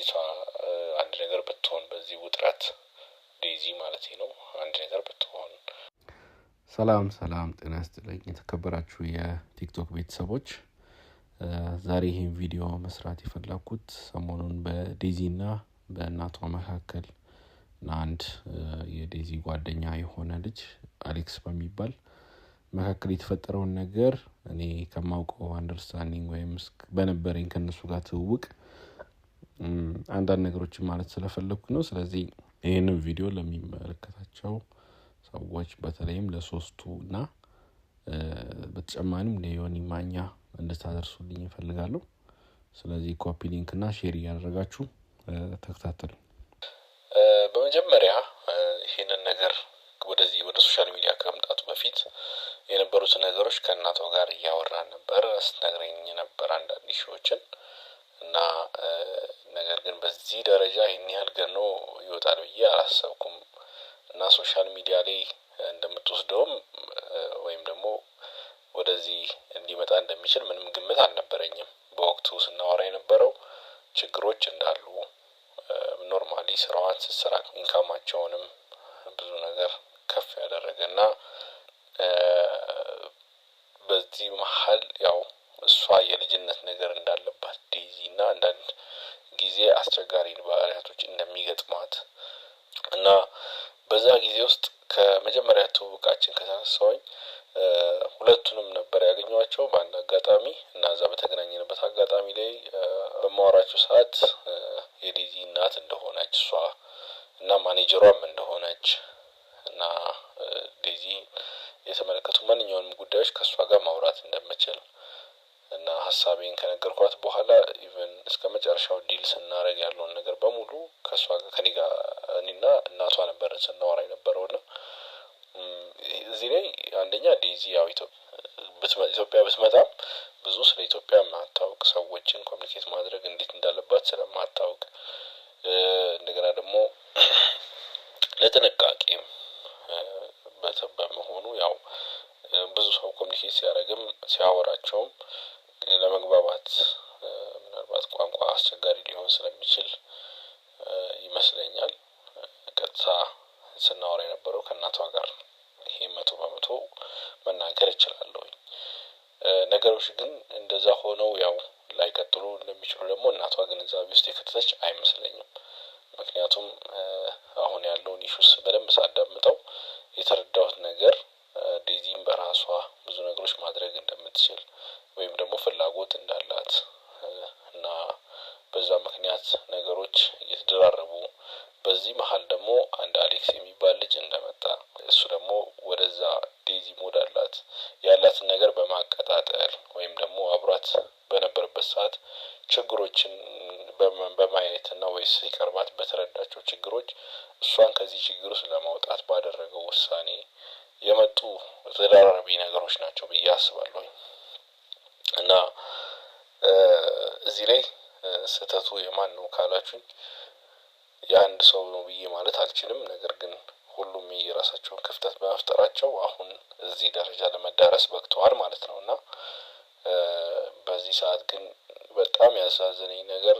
ልጅቷ አንድ ነገር ብትሆን በዚህ ውጥረት ዴዚ ማለት ነው አንድ ነገር ብትሆን። ሰላም ሰላም፣ ጤና ይስጥልኝ የተከበራችሁ የቲክቶክ ቤተሰቦች፣ ዛሬ ይህን ቪዲዮ መስራት የፈላኩት ሰሞኑን በዴዚ ና በእናቷ መካከል አንድ የዴዚ ጓደኛ የሆነ ልጅ አሌክስ በሚባል መካከል የተፈጠረውን ነገር እኔ ከማውቀው አንደርስታንዲንግ ወይም በነበረኝ ከእነሱ ጋር ትውውቅ አንዳንድ ነገሮችን ማለት ስለፈለግኩ ነው። ስለዚህ ይህንን ቪዲዮ ለሚመለከታቸው ሰዎች በተለይም ለሶስቱ እና በተጨማሪም ለዮኒ ማኛ እንድታደርሱልኝ ይፈልጋለሁ። ስለዚህ ኮፒ ሊንክ እና ሼር እያደረጋችሁ ተከታተሉ። በመጀመሪያ ይህንን ነገር ወደዚህ ወደ ሶሻል ሚዲያ ከመምጣቱ በፊት የነበሩትን ነገሮች ከእናቷ ጋር እያወራ ነበር። ስትነግረኝ ነበር አንዳንድ ሺዎችን እና ነገር ግን በዚህ ደረጃ ይህን ያህል ገኖ ይወጣል ብዬ አላሰብኩም እና ሶሻል ሚዲያ ላይ እንደምትወስደውም ወይም ደግሞ ወደዚህ ሊመጣ እንደሚችል ምንም ግምት አልነበረኝም። በወቅቱ ስናወራ የነበረው ችግሮች እንዳሉ ኖርማሊ ስራዋን ስትሰራ ኢንካማቸውንም ብዙ ነገር ከፍ ያለ ከመጀመሪያ ትውውቃችን ከተነሳሁኝ ሁለቱንም ነበር ያገኟቸው በአንድ አጋጣሚ እና እዛ በተገናኘንበት አጋጣሚ ላይ በማወራቸው ሰዓት የዴዚ እናት እንደሆነች እሷ እና ማኔጀሯም እንደሆነች እና ዲዚ የተመለከቱ ማንኛውንም ጉዳዮች ከእሷ ጋር ማውራት እንደምችል እና ሀሳቤን ከነገርኳት በኋላ ኢቨን እስከ መጨረሻው ዲል ስናደረግ ያለውን ነገር በሙሉ ከእሷ ጋር ከኔ ጋር እኔና እናቷ ነበርን ስናወራ የነበረው ና እዚህ ላይ አንደኛ ዴዚ ያው ኢትዮጵያ ብትመጣም ብዙ ስለ ኢትዮጵያ የማታውቅ ሰዎችን ኮሚኒኬት ማድረግ እንዴት እንዳለባት ስለማታውቅ እንደገና ደግሞ ለጥንቃቄም በመሆኑ ያው ብዙ ሰው ኮሚኒኬት ሲያደረግም ሲያወራቸውም ለመግባባት ምናልባት ቋንቋ አስቸጋሪ ሊሆን ስለሚችል ይመስለኛል ቀጥታ ስናወራ የነበረው ከእናቷ ጋር ይሄ መቶ በመቶ መናገር እችላለሁኝ። ነገሮች ግን እንደዛ ሆነው ያው ላይቀጥሉ እንደሚችሉ ደግሞ እናቷ ግንዛቤ ውስጥ የከተተች አይመስለኝም። ምክንያቱም አሁን ያለውን ኢሹስ በደንብ ሳዳምጠው የተረዳሁት ነገር ያላትን ነገር በማቀጣጠል ወይም ደግሞ አብሯት በነበረበት ሰዓት ችግሮችን በማየትና ወይ ሲቀርባት በተረዳቸው ችግሮች እሷን ከዚህ ችግር ውስጥ ለማውጣት ባደረገው ውሳኔ የመጡ ተደራራቢ ነገሮች ናቸው ብዬ አስባለሁኝ እና እዚህ ላይ ስህተቱ የማን ነው ካላችሁኝ የአንድ ሰው ነው ብዬ ማለት አልችልም። ነገር ግን ሁሉም የራሳቸውን ክፍተት በመፍጠራቸው እዚህ ደረጃ ለመዳረስ በቅተዋል ማለት ነው እና በዚህ ሰዓት ግን በጣም ያሳዘነኝ ነገር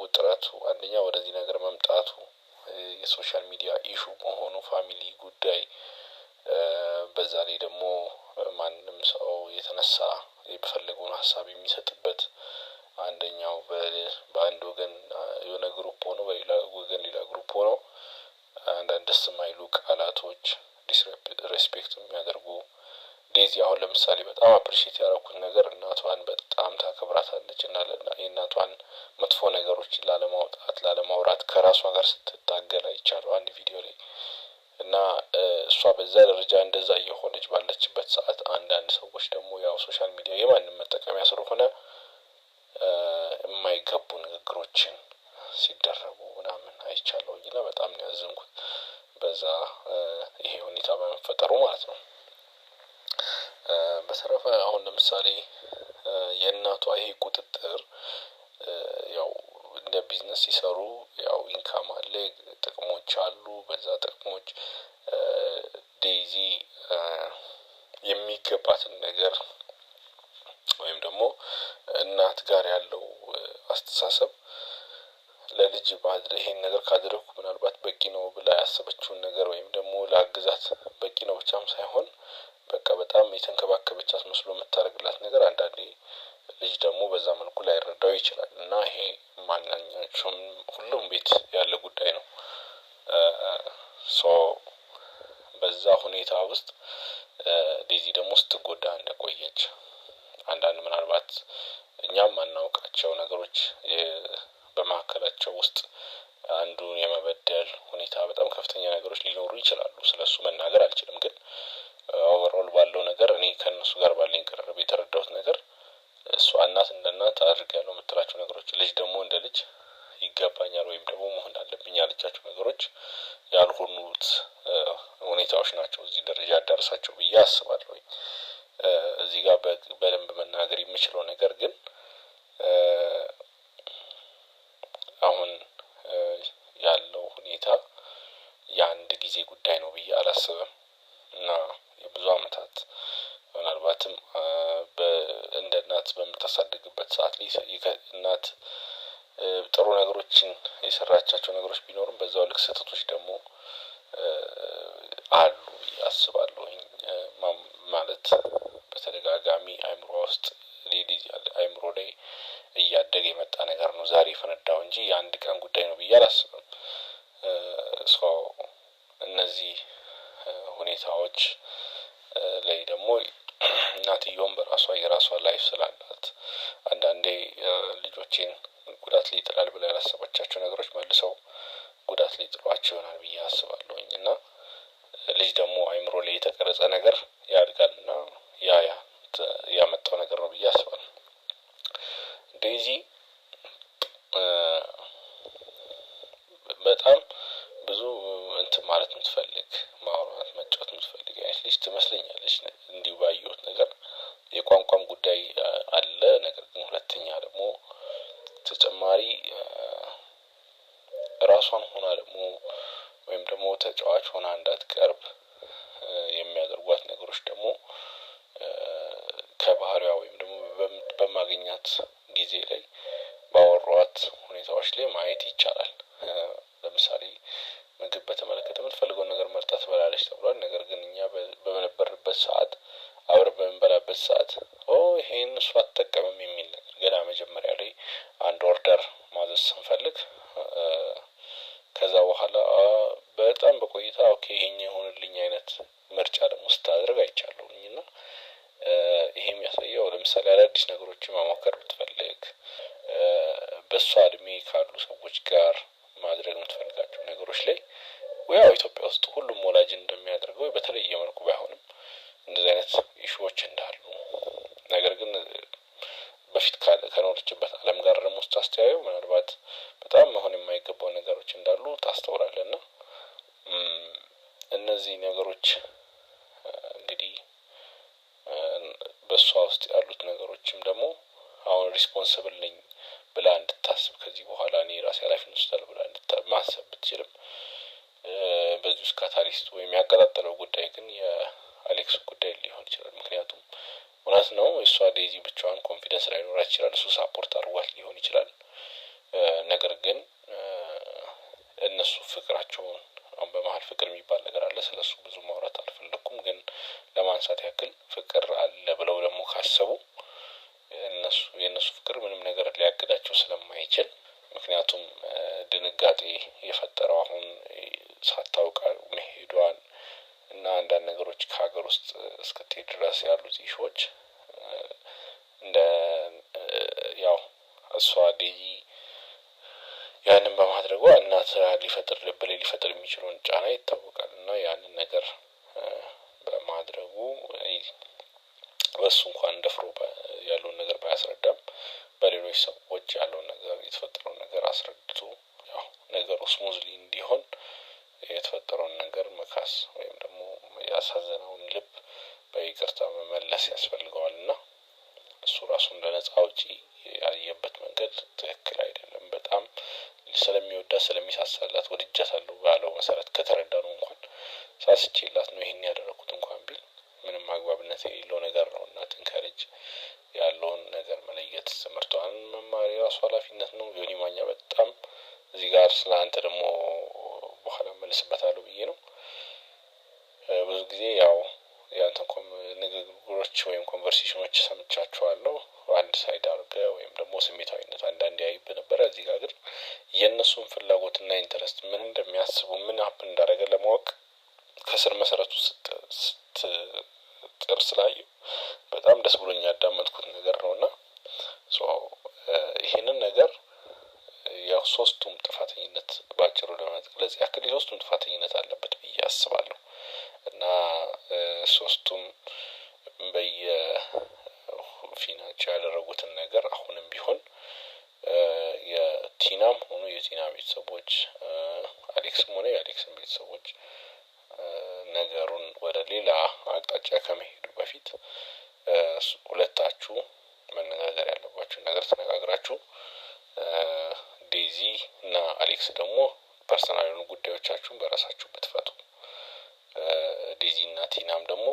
ውጥረቱ አንደኛ ወደዚህ ነገር መምጣቱ የሶሻል ሚዲያ ኢሹ መሆኑ ፋሚሊ ጉዳይ፣ በዛ ላይ ደግሞ ማንም ሰው የተነሳ የሚፈልገውን ሀሳብ የሚሰጥበት አንደኛው በአንድ ወገን የሆነ ግሩፕ ሆኖ በሌላ ወገን ሌላ ግሩፕ ሆኖ አንዳንድ ደስ ዴዚ አሁን ለምሳሌ በጣም አፕሪሽት ያደረኩት ነገር እናቷን በጣም ታከብራታለች እና የእናቷን መጥፎ ነገሮችን ላለማውጣት ላለማውራት ከራሷ ጋር ስትታገል አይቻለሁ አንድ ቪዲዮ ላይ እና እሷ በዛ ደረጃ እንደዛ እየሆነች ባለችበት ሰዓት አንዳንድ ሰዎች ደግሞ ያው ሶሻል ሚዲያ የማንም መጠቀሚያ ስለሆነ የማይገቡ ንግግሮችን ሲደረጉ ምናምን አይቻለሁ እና በጣም ያዘንኩት በዛ ይሄ ሁኔታ በመፈጠሩ ማለት ነው። በተረፈ አሁን ለምሳሌ የእናቷ ይሄ ቁጥጥር ያው እንደ ቢዝነስ ሲሰሩ ያው ኢንካም አለ፣ ጥቅሞች አሉ። በዛ ጥቅሞች ዴይዚ የሚገባትን ነገር ወይም ደግሞ እናት ጋር ያለው አስተሳሰብ ለልጅ ይሄን ነገር ካደረግኩ ምናልባት በቂ ነው ብላ ያሰበችውን ነገር ወይም ደግሞ ለአግዛት በቂ ነው ብቻም ሳይሆን በቃ በጣም የተንከባከበች አስመስሎ የምታደርግላት ነገር አንዳንዴ ልጅ ደግሞ በዛ መልኩ ላይረዳው ይችላል እና ይሄ ማናኛቸውም ሁሉም ቤት ያለ ጉዳይ ነው። በዛ ሁኔታ ውስጥ ዴዚ ደግሞ ስትጎዳ እንደቆየች አንዳንድ ምናልባት እኛም ማናውቃቸው ነገሮች በመካከላቸው ውስጥ አንዱን የመበደል ሁኔታ በጣም ከፍተኛ ነገሮች ሊኖሩ ይችላሉ። ስለሱ መናገር አልችልም ግን ኦቨርኦል ባለው ነገር እኔ ከእነሱ ጋር ባለኝ ቅርርብ የተረዳሁት ነገር እሷ እናት እንደ እናት አድርግ ያለው የምትላቸው ነገሮች፣ ልጅ ደግሞ እንደ ልጅ ይገባኛል ወይም ደግሞ መሆን አለብኝ ያለቻቸው ነገሮች ያልሆኑት ሁኔታዎች ናቸው እዚህ ደረጃ ያዳርሳቸው ብዬ አስባለሁ። እዚህ ጋር በደንብ መናገር የምችለው ነገር ግን ትልልቅ ስህተቶች ደግሞ አሉ አስባለሁኝ። ማለት በተደጋጋሚ አይምሮ ውስጥ ሌሊ አይምሮ ላይ እያደገ የመጣ ነገር ነው። ዛሬ የፈነዳው እንጂ የአንድ ቀን ጉዳይ ነው ብዬ አላስብም። እነዚህ ሁኔታዎች ላይ ደግሞ እናትየውም በራሷ የራሷ ላይፍ ስላላት አንዳንዴ ልጆቼን ጉዳት ላይ ይጥላል ብላ ያላሰባቻቸው ነገሮች መልሰው ጉዳት ላይ ጥሏቸው ይሆናል ብዬ አስባለሁኝ እና ልጅ ደግሞ አይምሮ ላይ የተቀረጸ ነገር ያድጋል እና ያ ያ ያመጣው ነገር ነው ብዬ አስባለሁ። ዴዚ በጣም ብዙ እንትን ማለት የምትፈልግ ማውራት፣ መጫወት የምትፈልግ አይነት ልጅ ትመስለኛለች። ሰዓት ኦ ይሄን እሱ በዚህ ውስጥ ካታሊስቱ ወይም ያቀጣጠለው ጉዳይ ግን የአሌክስ ጉዳይ ሊሆን ይችላል። ምክንያቱም እውነት ነው እሷ ዴዚ ብቻዋን ኮንፊደንስ ላይኖራት ይችላል። እሱ ሳፖርት አድርጓት ሊሆን ይችላል። ነገር ግን እነሱ ፍቅራቸውን አሁን በመሀል ፍቅር የሚባል ነገር አለ። ስለ እሱ ብዙ ማውራት አልፈለኩም፣ ግን ለማንሳት ያክል ፍቅር አለ ብለው ደግሞ ካሰቡ እነሱ የእነሱ ፍቅር ምንም ነገር ሊያግዳቸው ስለማይችል ምክንያቱም ድንጋጤ የፈጠረው አሁን ሳታውቃ መሄዷን እና አንዳንድ ነገሮች ከሀገር ውስጥ እስክትሄድ ድረስ ያሉት ኢሾች እንደ ያው እሷ ዴዚ ያንን በማድረጓ እናት ሊፈጥር ልብ ላይ ሊፈጥር የሚችለውን ጫና ይታወቃል እና ያንን ነገር በማድረጉ በሱ እንኳን እንደፍሮ ያለውን ነገር ባያስረዳም በሌሎች ሰዎች ያለውን ነገር የተፈጠረውን ነገር አስረድቶ ያው ነገሩ ስሙዝሊ እንዲሆን የተፈጠረውን ነገር መካስ ወይም ደግሞ ያሳዘነውን ልብ በይቅርታ መመለስ ያስፈልገዋል እና እሱ ራሱ እንደ ነጻ አውጪ ያየበት መንገድ ትክክል አይደለም። በጣም ስለሚወዳት ስለሚሳሳላት ወድጃታለሁ ባለው መሰረት ከተረዳ ነው እንኳን ሳስቼላት ነው ይሄን ያደረኩት እንኳን ቢል ምንም አግባብነት የሌለው ነገር ነው እና ትንከርጅ ያለውን ነገር መለየት ትምህርቷን መማር የራሱ ኃላፊነት ነው። ዮኒ ማኛ በጣም እዚህ ጋር ስለ አንተ ደግሞ በኋላ እመልስበታለሁ ብዬ ነው። ብዙ ጊዜ ያው ያንተን ንግግሮች ወይም ኮንቨርሴሽኖች ሰምቻችኋለሁ። አንድ ሳይድ አድርገ ወይም ደግሞ ስሜታዊነት አንዳንድ ያይብ ነበረ። እዚህ ጋር ግን የእነሱን ፍላጎትና ኢንተረስት ምን እንደሚያስቡ ምን ሀፕን እንዳደረገ ለማወቅ ከስር መሰረቱ ስትጥር ስላዩ በጣም ደስ ብሎኝ ያዳመጥኩት ነገር ነው እና ይሄንን ነገር ያው ሶስቱም ጥፋተኝነት በአጭሩ ለመግለጽ ያክል የሶስቱም ጥፋተኝነት አለበት ብዬ አስባለሁ እና ሶስቱም ፊናቸው ያደረጉትን ነገር አሁንም ቢሆን የቲናም ሆኑ የቲና ቤተሰቦች አሌክስም ሆነ የአሌክስም ቤተሰቦች ነገሩን ወደ ሌላ አቅጣጫ ከመሄዱ በፊት ሁለታችሁ መነጋገር ያለባችሁ ነገር ተነጋግራችሁ ዴዚ እና አሌክስ ደግሞ ፐርሰናል የሆኑ ጉዳዮቻችሁን በራሳችሁ ብትፈቱ፣ ዴዚ እና ቲናም ደግሞ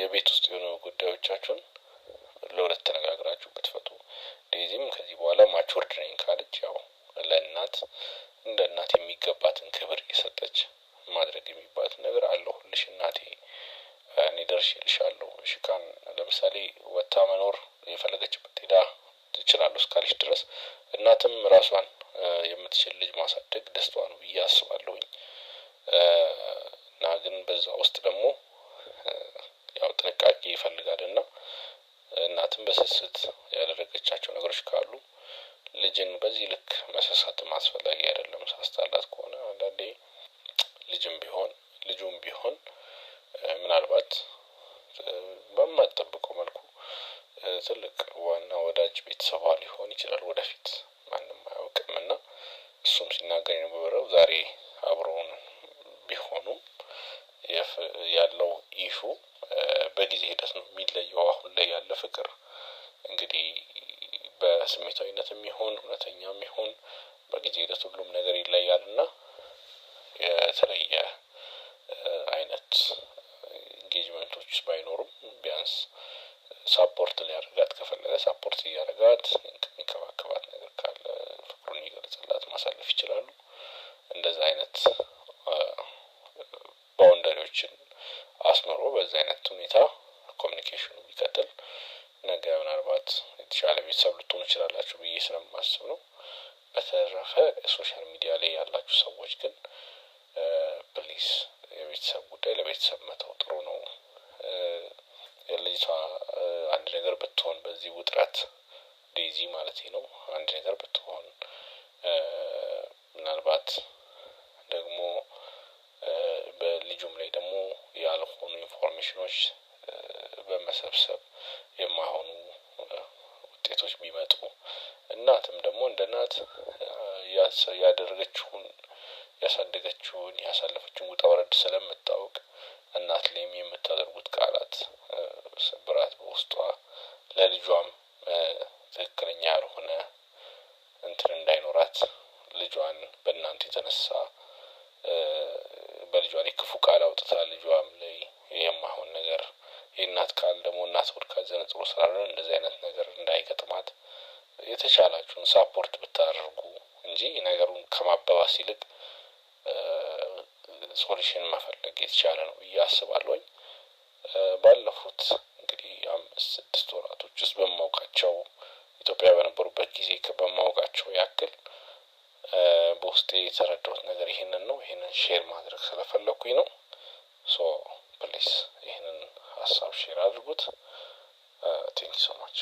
የቤት ውስጥ የሆኑ ጉዳዮቻችሁን ለሁለት ተነጋግራችሁ ብትፈቱ፣ ዴዚም ከዚህ በኋላ ማቾር ነኝ ካለ ያደረገቻቸው ነገሮች ካሉ ልጅን በዚህ ልክ መሳሳትም አስፈላጊ አይደለም። ሳስታላት ከሆነ አንዳንዴ ልጅም ቢሆን ልጁም ቢሆን ምናልባት በማጠብቀው መልኩ ትልቅ ዋና ወዳጅ ቤተሰቧ ሊሆን ይችላል ወደፊት ማንም አያውቅም እና እሱም ሲናገር የነበረው ዛሬ አብረውን ቢሆኑም ያለው ኢሹ በጊዜ ሂደት ነው የሚለየው። አሁን ላይ ያለ ፍቅር እንግዲህ በስሜታዊነት የሚሆን እውነተኛ የሚሆን በጊዜ ሂደት ሁሉም ነገር ይለያል እና የተለየ አይነት ኢንጌጅመንቶች ባይኖሩም ቢያንስ ሳፖርት ሊያደርጋት ከፈለገ ሳፖርት እያደረጋት የሚንከባከባት ነገር ካለ ፍቅሩን እየገለጸላት ማሳለፍ ይችላሉ። እንደዚ አይነት ባውንደሪዎችን አስምሮ በዚ አይነት ሁኔታ ኮሚኒኬሽኑ ቢቀጥል ነገ ምናልባት የተሻለ ቤተሰብ ልትሆኑ ይችላላችሁ ብዬ ስለማስብ ነው። በተረፈ ሶሻል ሚዲያ ላይ ያላችሁ ሰዎች ግን ፕሊስ የቤተሰብ ጉዳይ ለቤተሰብ መተው ጥሩ ነው። ልጅቷ አንድ ነገር ብትሆን በዚህ ውጥረት ዴዚ ማለት ነው አንድ ነገር ብትሆን ምናልባት ደግሞ በልጁም ላይ ደግሞ ያልሆኑ ኢንፎርሜሽኖች በመሰብሰብ አመታት ያደረገችውን ያሳደገችውን ያሳለፈችውን ውጣ ውረድ ስለምታውቅ እናት ላይም የምታደርጉት ቃላት ስብራት በውስጧ ለልጇም ትክክለኛ ያልሆነ እንትን እንዳይኖራት ልጇን በእናንተ የተነሳ በልጇ ላይ ክፉ ቃል አውጥታ ልጇም ላይ የማይሆን ነገር የእናት ቃል ደግሞ እናት ወድቃ ዘነጥሮ ስላለ እንደዚህ አይነት ነገር እንዳይገጥማት የተቻላችሁን ሳፖርት ብታደርጉ እንጂ ነገሩን ከማባባስ ይልቅ ሶሉሽን መፈለግ የተቻለ ነው ብዬ አስባለሁኝ። ባለፉት እንግዲህ አምስት ስድስት ወራቶች ውስጥ በማውቃቸው ኢትዮጵያ በነበሩበት ጊዜ በማወቃቸው ያክል በውስጤ የተረዳሁት ነገር ይህንን ነው። ይህንን ሼር ማድረግ ስለፈለግኩኝ ነው። ሶ ፕሊስ ይህንን ሀሳብ ሼር አድርጉት። ቴንክ ሶ ማች